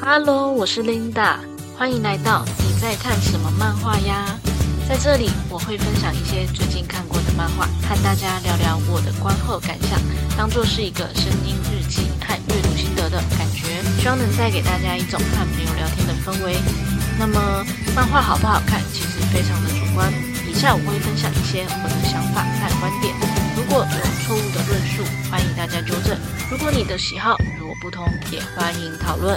哈嘍，我是琳達。歡迎來到你在看什麼漫畫呀？在這裡我會分享一些最近看過的漫畫，和大家聊聊我的觀後感想，當做是一個聲音日記和閱讀心得的感覺，希望能帶給大家一種和朋友聊天的氛圍。那麼漫畫好不好看，其實非常的主觀。以下我會分享一些我的想法和觀點，如果有錯誤的論述，歡迎大家糾正。如果你的喜好與我不同，也歡迎討論。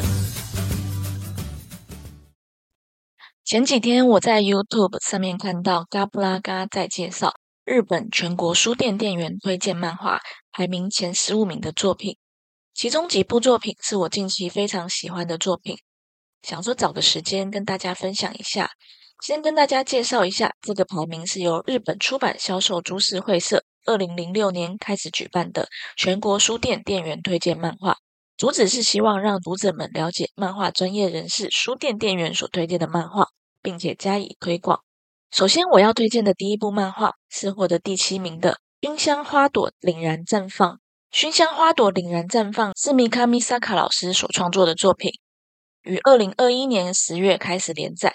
前幾天我在 YouTube 上面看到嘎布拉嘎在介紹日本全國書店店員推薦漫畫排名前十五名的作品，其中幾部作品是我近期非常喜歡的作品，想說找個時間跟大家分享一下。先跟大家介紹一下，這個排名是由日本出版銷售株式會社二零零六年開始舉辦的全國書店店員推薦漫畫，主旨是希望讓讀者們了解漫畫專業人士書店店員所推薦的漫畫，並且加以推廣。首先，我要推薦的第一部漫畫是獲得第七名的《薰香花朵凜然綻放》。《薰香花朵凜然綻放》是 Mikami Saka 老師所創作的作品，於二零二一年十月開始連載，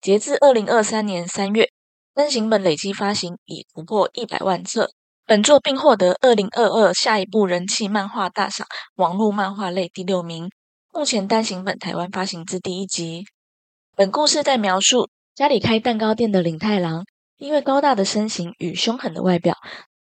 截至二零二三年三月，單行本累計發行已突破一百萬冊。本作並獲得二零二二下一部人氣漫畫大賞網絡漫畫類第六名。目前單行本台灣發行至第一集。本故事在描述家裡開蛋糕店的林太郎，因為高大的身形與兇狠的外表，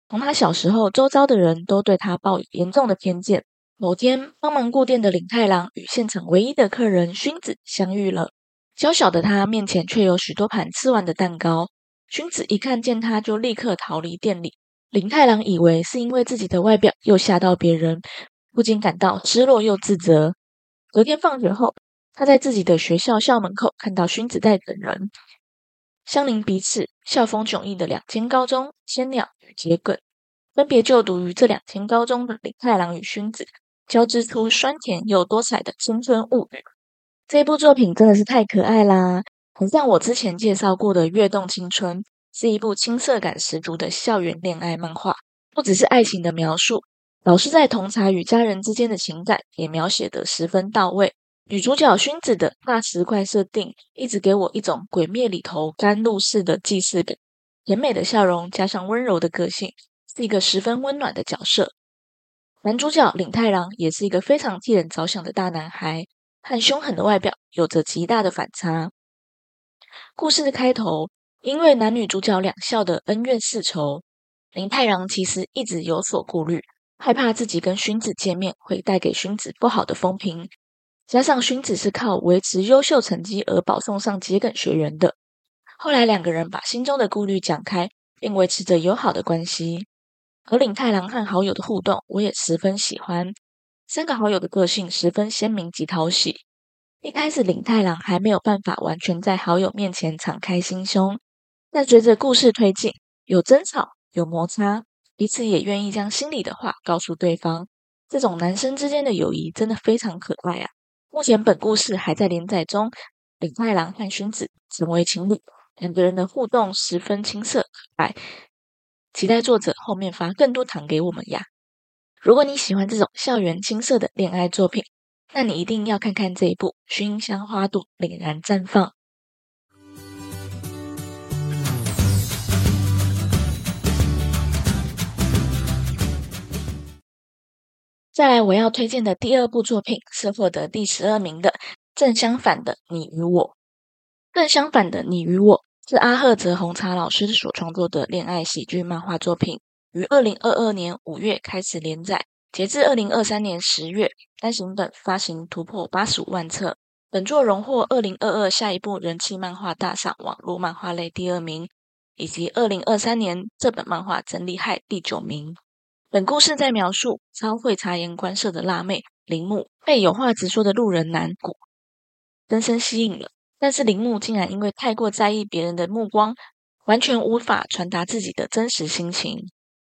從他小時候周遭的人都對他抱有嚴重的偏見。某天幫忙顧店的林太郎與現場唯一的客人薰子相遇了，小小的他面前卻有許多盤吃完的蛋糕。薰子一看見他，就立刻逃離店裡。林太郎以為是因為自己的外表又嚇到別人，不禁感到失落又自責。隔天放學後。他在自己的學校校門口看到薰子帶等人。相鄰彼此校風迥異的兩間高中，千鳥與桔梗，分別就讀於這兩間高中的凛太郎與薰子，交織出酸甜又多彩的青春物語。這部作品真的是太可愛啦！很像我之前介紹過的《躍動青春》，是一部青澀感十足的校園戀愛漫畫。不只是愛情的描述，老師在同儕與家人之間的情感也描寫得十分到位。女主角薰子的大食怪設定，一直給我一種《鬼滅》裡頭甘露寺的既視感。甜美的笑容加上溫柔的個性，是一個十分溫暖的角色。男主角凜太郎也是一個非常替人着想的大男孩，和凶狠的外表有着極大的反差。故事的開頭，因為男女主角兩校的恩怨世仇，凜太郎其實一直有所顧慮，害怕自己跟薰子見面會帶給薰子不好的風評。加上薰子是靠維持優秀成績而保送上桔梗學園的，後來兩個人把心中的顧慮講開，並維持着友好的關係。和凜太郎和好友的互動，我也十分喜歡。三個好友的個性十分鮮明及討喜。一開始凜太郎還沒有辦法完全在好友面前敞開心胸，但隨着故事推進，有爭吵，有摩擦，彼此也願意將心裡的話告訴對方。這種男生之間的友誼真的非常可愛啊！目前本故事還在連載中，凜太郎和薰子成為情侶，兩個人的互動十分青澀可愛，期待作者後面發更多糖給我們呀！如果你喜歡這種校園青澀的戀愛作品，那你一定要看看這一部《薰香花朵凛然綻放》。再來，我要推薦的第二部作品是獲得第十二名的《正相反的你與我》。《正相反的你與我》是阿賀澤紅茶老師所創作的戀愛喜劇漫畫作品，於二零二二年五月開始連載，截至二零二三年十月，單行本發行突破八十五萬冊。本作榮獲二零二二下一部人氣漫畫大賞網絡漫畫類第二名，以及二零二三年這本漫畫真厲害第九名。本故事在描述超會察言觀色的辣妹鈴木被有話直說的路人男谷深深吸引了，但是鈴木竟然因為太過在意別人的目光，完全無法傳達自己的真實心情。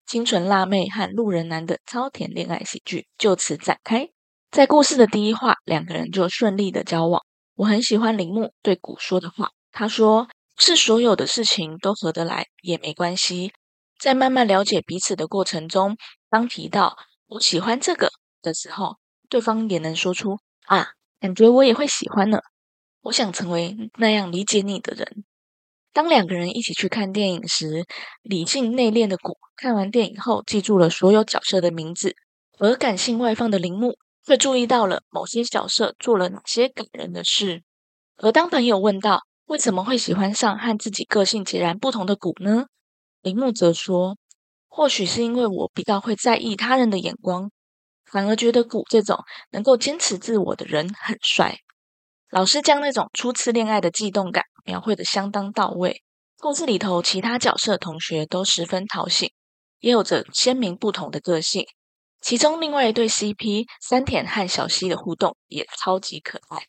清純辣妹和路人男的超甜戀愛喜劇就此展開。在故事的第一話，兩個人就順利的交往。我很喜歡鈴木對谷說的話，他說：“是所有的事情都合得來也沒關係。”在慢慢了解彼此的過程中，當提到我喜歡這個的時候，對方也能說出啊，感覺我也會喜歡呢。我想成為那樣理解你的人。當兩個人一起去看電影時，理性內斂的谷看完電影後記住了所有角色的名字，而感性外放的鈴木會注意到了某些角色做了哪些感人的事。而當朋友問到為什麼會喜歡上和自己個性截然不同的谷呢？林木則說：“或許是因為我比較會在意他人的眼光，反而覺得谷這種能夠堅持自我的人很帥。”老師將那種初次戀愛的悸動感描繪得相當到位。故事裡頭其他角色同學都十分討喜，也有着鮮明不同的個性。其中另外一對 CP 三田和小西的互動也超級可愛，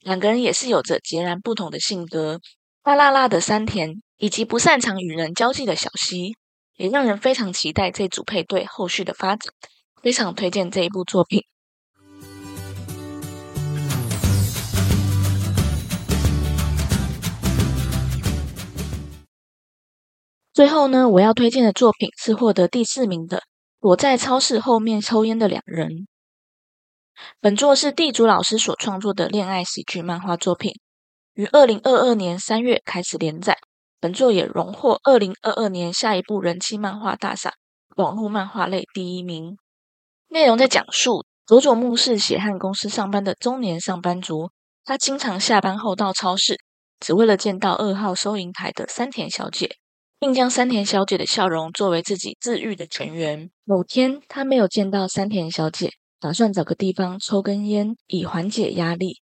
兩個人也是有着截然不同的性格。巴啦啦的山田，以及不擅長與人交際的小溪，也讓人非常期待這組配對後續的發展。非常推薦這一部作品。最後呢，我要推薦的作品是獲得第四名的《躲在超市後面抽菸的兩人》。本作是地主老師所創作的戀愛喜劇漫畫作品。於二零二二年三月開始連載，本作也榮獲二零二二年下一部人氣漫畫大賞網絡漫畫類第一名。內容在講述佐佐木是血汗公司上班的中年上班族，他經常下班後到超市，只為了見到二號收銀台的山田小姐，並將山田小姐的笑容作為自己治癒的泉源。某天，他沒有見到山田小姐，打算找個地方抽根煙以緩解壓力。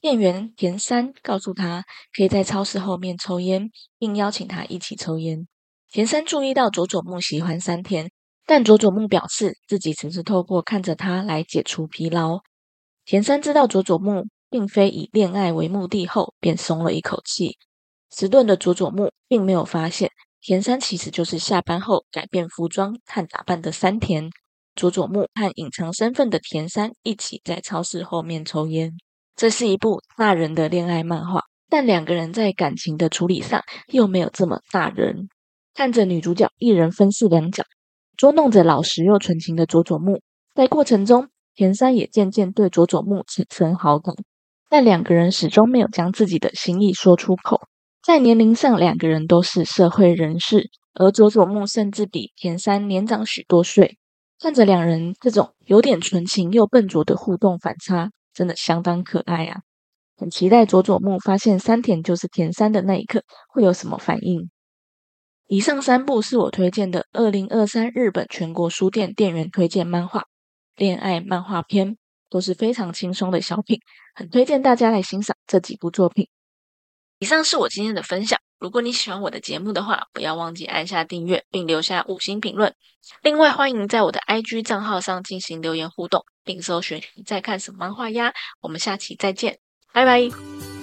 店員田山告訴他，可以在超市後面抽煙，並邀請他一起抽煙。田山注意到佐佐木喜歡山田，但佐佐木表示自己只是透過看着他來解除疲勞。田山知道佐佐木並非以戀愛為目的後，便鬆了一口氣。遲鈍的佐佐木並沒有發現，田山其實就是下班後改變服裝和打扮的山田。佐佐木和隱藏身份的田山一起在超市後面抽煙。這是一部大人的戀愛漫畫，但兩個人在感情的處理上又沒有這麼大人。看着女主角一人分飾兩角，捉弄着老實又純情的佐佐木，在過程中，田山也漸漸對佐佐木產生好感，但兩個人始終沒有將自己的心意說出口。在年齡上，兩個人都是社會人士，而佐佐木甚至比田山年長許多歲。看着兩人這種有點純情又笨拙的互動反差。真的相當可愛呀、啊，很期待佐佐木發現山田就是田山的那一刻會有什麼反應。以上三部是我推薦的二零二三日本全國書店店員推薦漫畫，戀愛漫畫篇，都是非常輕鬆的小品，很推薦大家來欣賞這幾部作品。以上是我今天的分享。如果你喜歡我的節目的話，不要忘記按下訂閱，並留下五星評論。另外，歡迎在我的 IG 賬號上進行留言互動，並搜尋你在看什麼漫畫呀。我們下期再見，拜拜。